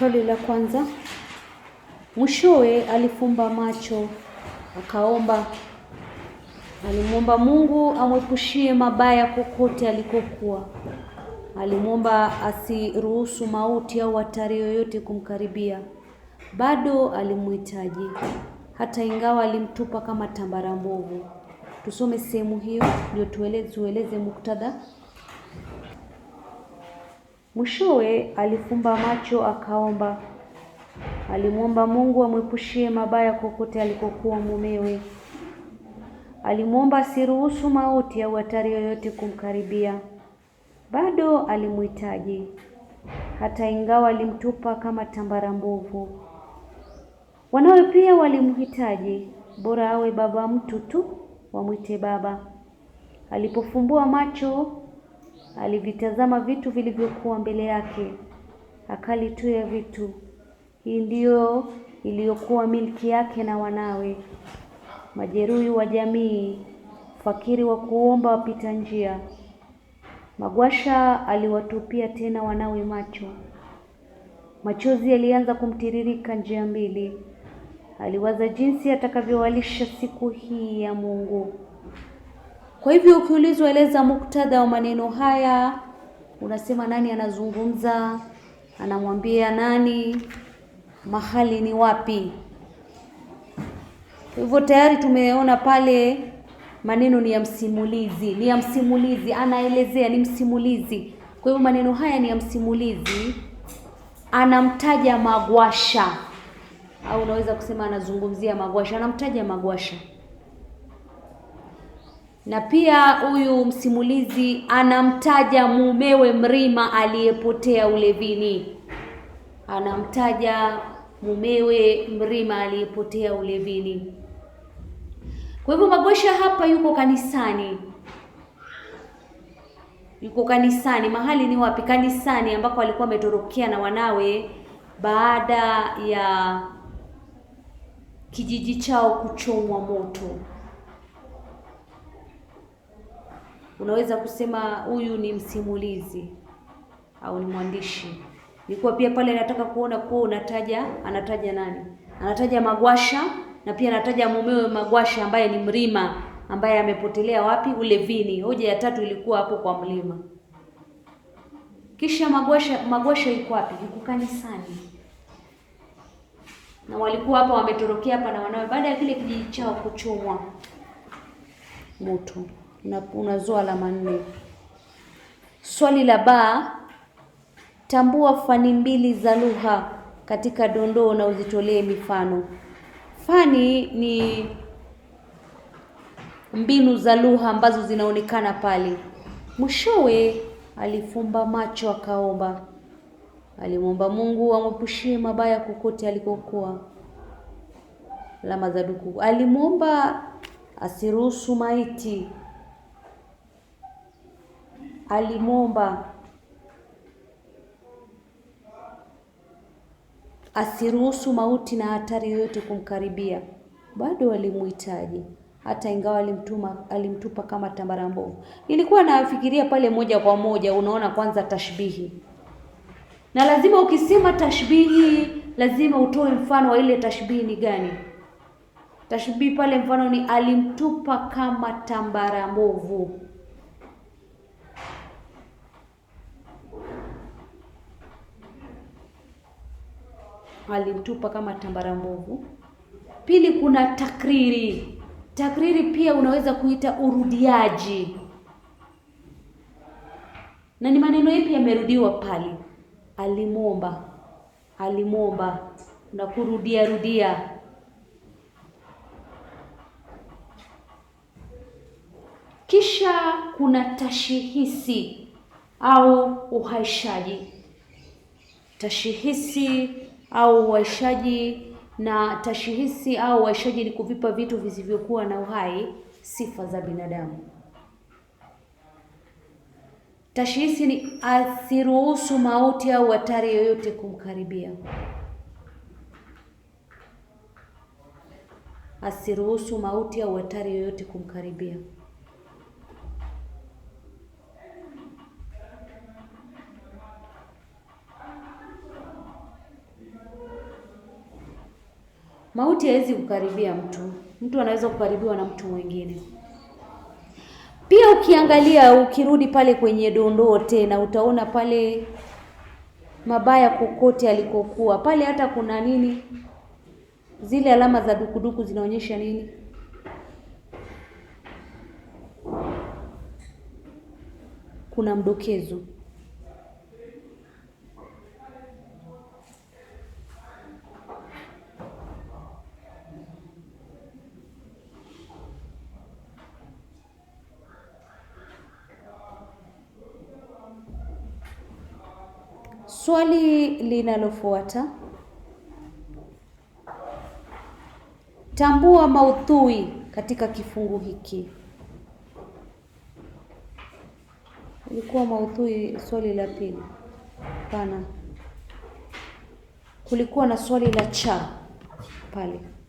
Swali la kwanza, mwishowe alifumba macho akaomba. Alimwomba Mungu amwepushie mabaya kokote alikokuwa. Alimwomba asiruhusu mauti au hatari yoyote kumkaribia. Bado alimhitaji hata ingawa alimtupa kama tambara mbovu. Tusome sehemu hiyo ndio tueleze, tueleze muktadha Mwishowe alifumba macho akaomba. Alimwomba Mungu amwepushie mabaya kokote alikokuwa mumewe. Alimwomba asiruhusu mauti au hatari yoyote kumkaribia. Bado alimhitaji hata ingawa alimtupa kama tambara mbovu. Wanawe pia walimhitaji, bora awe baba mtu tu, wamwite baba. Alipofumbua macho Alivitazama vitu vilivyokuwa mbele yake, akali tu ya vitu. Hii ndiyo iliyokuwa milki yake na wanawe, majeruhi wa jamii, fakiri wa kuomba wapita njia. Magwasha aliwatupia tena wanawe macho. Machozi yalianza kumtiririka njia mbili. Aliwaza jinsi atakavyowalisha siku hii ya Mungu. Kwa hivyo ukiulizwa eleza muktadha wa maneno haya, unasema nani anazungumza, anamwambia nani, mahali ni wapi. Hivyo tayari tumeona pale maneno ni ya msimulizi, ni ya msimulizi, anaelezea ni msimulizi. Kwa hivyo maneno haya ni ya msimulizi, anamtaja Magwasha, au unaweza kusema anazungumzia Magwasha, anamtaja Magwasha na pia huyu msimulizi anamtaja mumewe Mrima aliyepotea ulevini, anamtaja mumewe Mrima aliyepotea ulevini. Kwa hivyo Magosha hapa yuko kanisani, yuko kanisani. Mahali ni wapi? Kanisani ambako alikuwa ametorokea na wanawe baada ya kijiji chao kuchomwa moto. Unaweza kusema huyu ni msimulizi au ni mwandishi. Nilikuwa pia pale nataka kuona kuwa unataja, anataja nani? Anataja Magwasha na pia anataja mumewe Magwasha ambaye ni Mrima ambaye amepotelea wapi? Ulevini. Hoja ya tatu ilikuwa hapo kwa Mlima. Kisha Magwasha, Magwasha yuko wapi? Yuko kanisani, na walikuwa hapa wametorokea hapa na wanawe baada ya kile kijiji chao kuchomwa moto unazoa alama nne. Swali la ba, tambua fani mbili za lugha katika dondoo na uzitolee mifano. Fani ni mbinu za lugha ambazo zinaonekana pale. Mwishowe alifumba macho akaomba, alimwomba Mungu amwepushie mabaya kokote alikokuwa. Alama za duku, alimwomba asiruhusu maiti alimwomba asiruhusu mauti na hatari yoyote kumkaribia. Bado alimhitaji hata ingawa alimtuma alimtupa kama tambara mbovu. Nilikuwa nafikiria pale moja kwa moja, unaona kwanza tashbihi, na lazima ukisema tashbihi lazima utoe mfano wa ile tashbihi ni gani. Tashbihi pale mfano ni alimtupa kama tambara mbovu. alimtupa kama tambara mbovu. Pili, kuna takriri. Takriri pia unaweza kuita urudiaji, na ni maneno yapi yamerudiwa pale? Alimwomba, alimwomba na kurudia rudia. Kisha kuna tashihisi au uhaishaji. Tashihisi au uaishaji na tashihisi au uaishaji ni kuvipa vitu visivyokuwa na uhai sifa za binadamu. Tashihisi ni asiruhusu mauti au hatari yoyote kumkaribia, asiruhusu mauti au hatari yoyote kumkaribia. Mauti haiwezi kukaribia mtu, mtu anaweza kukaribiwa na mtu mwingine. Pia ukiangalia, ukirudi pale kwenye dondoo tena, utaona pale mabaya kokote alikokuwa pale, hata kuna nini, zile alama za dukuduku zinaonyesha nini? Kuna mdokezo. Swali linalofuata, tambua maudhui katika kifungu hiki. Ilikuwa maudhui swali la pili. Hapana, kulikuwa na swali la cha pale.